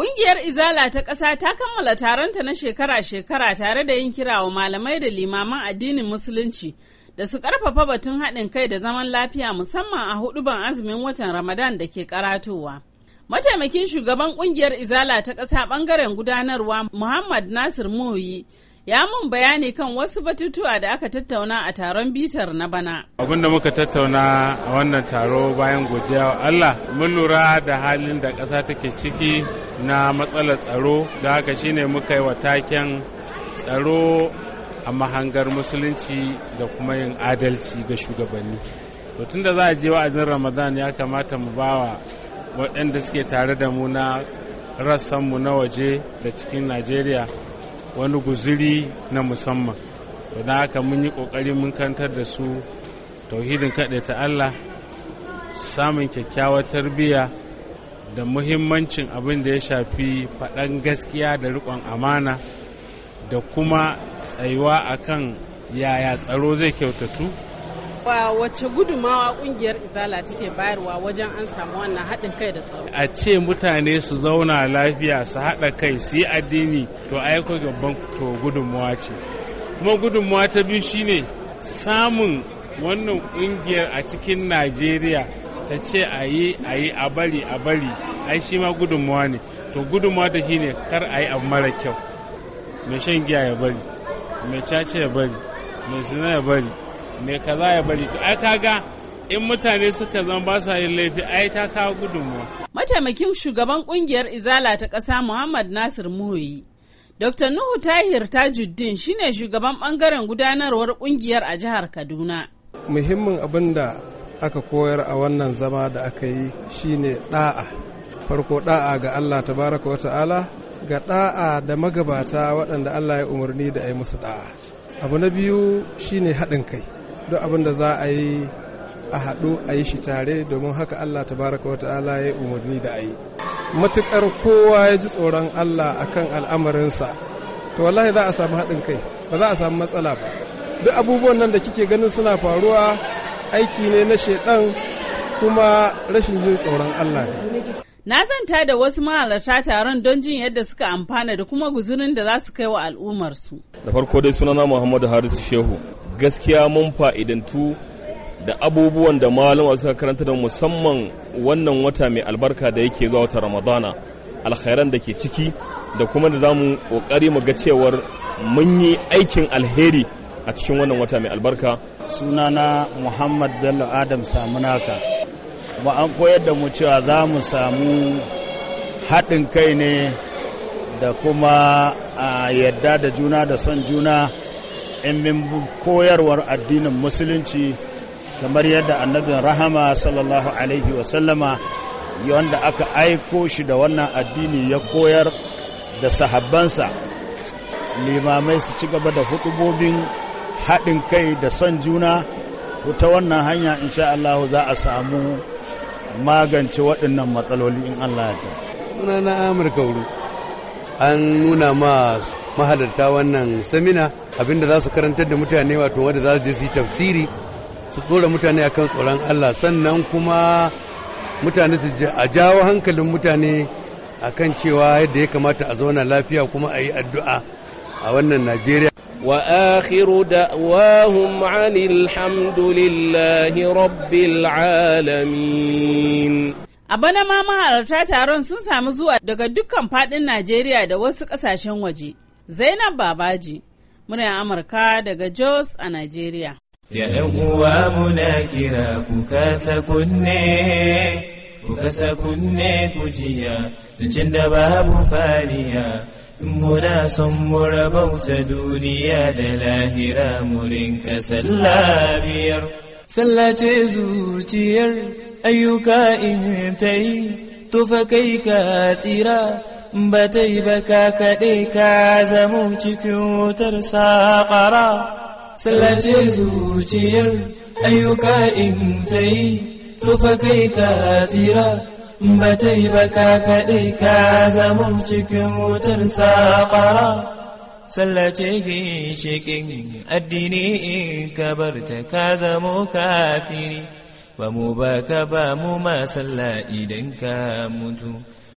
Ƙungiyar Izala ta ƙasa ta kammala taronta na shekara-shekara tare da yin kira wa malamai da limaman addinin Musulunci da su ƙarfafa batun haɗin kai da zaman lafiya musamman a huɗuban azumin watan Ramadan da ke karatowa. Mataimakin shugaban ƙungiyar Izala ta ƙasa ɓangaren gudanarwa Muhammad Nasir Muhuyi ya mun bayani kan wasu batutuwa da aka tattauna a taron bitar na bana. abinda muka tattauna a wannan taro bayan godiya wa Allah mun lura da halin da ƙasa take ciki na matsalar tsaro da haka shine muka yi wa taken tsaro a mahangar musulunci da kuma yin adalci ga shugabanni. tun da za a je wa'azin Ramadan ya kamata mu bawa waɗanda suke tare da mu na rassanmu na waje da cikin Najeriya wani guziri na musamman to don haka mun yi kokari mun kantar da su tauhidin kaɗe ta Allah samun kyakkyawar tarbiyya da muhimmancin abin da ya shafi faɗan gaskiya da riƙon amana da kuma tsayuwa akan yaya tsaro zai kyautatu wace gudumawa kungiyar izala take bayarwa wajen an samu wannan haɗin kai da tsaro a ce mutane su zauna lafiya su haɗa kai su yi addini to aiko gaban to gudunmawa ce kuma gudunmawa ta biyu shine samun wannan kungiyar a cikin najeriya ta ce a yi a yi a bari a bari ai shi ma gudunmawa ne to gudunmawa ta shine kar a yi abu mara kyau mai shan giya ya bari mai caca ya bari mai zina ya bari mai kaza ya bari to ai kaga in mutane suka zan ba sa yin laifi ai ta kawo gudunmuwa. Mataimakin shugaban kungiyar Izala ta ƙasa Muhammad Nasir Muhoyi. Dr. Nuhu Tahir Tajuddin shine shugaban bangaren gudanarwar kungiyar a jihar Kaduna. Muhimmin abin da aka koyar a wannan zama da aka yi shine da'a. Farko da'a ga Allah tabaraka wa ta'ala ga da'a da magabata waɗanda Allah ya umarni da a yi musu da'a. Abu na biyu shine haɗin kai. duk abin da za a yi a haɗu a yi shi tare domin haka Allah tabaraka wa ta'ala ya umarni da a yi matuƙar kowa ya ji tsoron Allah akan al'amarinsa to wallahi za a samu haɗin kai ba za a samu matsala ba duk abubuwan nan da kike ganin suna faruwa aiki ne na shaidan kuma rashin jin tsoron Allah ne na zanta da wasu mahalarta taron don jin yadda suka amfana da kuma guzurin da za su kai wa al'ummarsu da farko dai sunana Muhammadu Harisu Shehu gaskiya mun fa'idantu da abubuwan da malama suka karanta da musamman wannan wata mai albarka da yake zuwa wata ramadana alkhairan da ke ciki da kuma da zamu kokari mu ga cewar mun yi aikin alheri a cikin wannan wata mai albarka sunana muhammad bello adam samunaka ba an koyar da mu cewa za mu samu haɗin kai ne da kuma a yadda da juna da son juna yan koyarwar addinin musulunci kamar yadda annabin rahama sallallahu alaihi wasallama wanda aka aiko shi da wannan addini ya koyar da sahabbansa limamai su ci gaba da hudubobin haɗin kai da son juna ko ta wannan hanya insha Allah za a samu magance waɗannan matsaloli in Allah ya ta. Sunana Amurka wuri. an nuna ma mahalarta wannan samina abinda za su karantar da mutane wato wanda za su je su yi tafsiri su tsora mutane akan tsoron Allah sannan kuma mutane su a jawo hankalin mutane akan cewa yadda ya kamata a zauna lafiya kuma a yi addu'a a wannan Najeriya. Wa akhiru da'wahum 'anil hamdulillahi rabbil alamin A bana ma mahalarta taron sun sami zuwa daga dukkan faɗin Najeriya da wasu ƙasashen waje. Zainab Babaji, muna Amurka daga Jos a Najeriya. Ya ɗan uwa muna kira ku kasa kunne, ku kasa kunne ku jiya, tuncin da babu fariya. Muna son mu rabauta duniya da lahira mu rinka sallah biyar. Sallace zuciyar أيك إن تي تفكيك تيرا batai baka kaɗe ka zamo cikin wutar saƙara. Sallace zuciyar ayyuka in ta yi, tufa kai ka tsira, batai baka kaɗe ka zamo cikin wutar saƙara. Sallace ginshiƙin addini in ka barta ka zamo kafiri. ba mu baka ba mu masalla idan ka mutu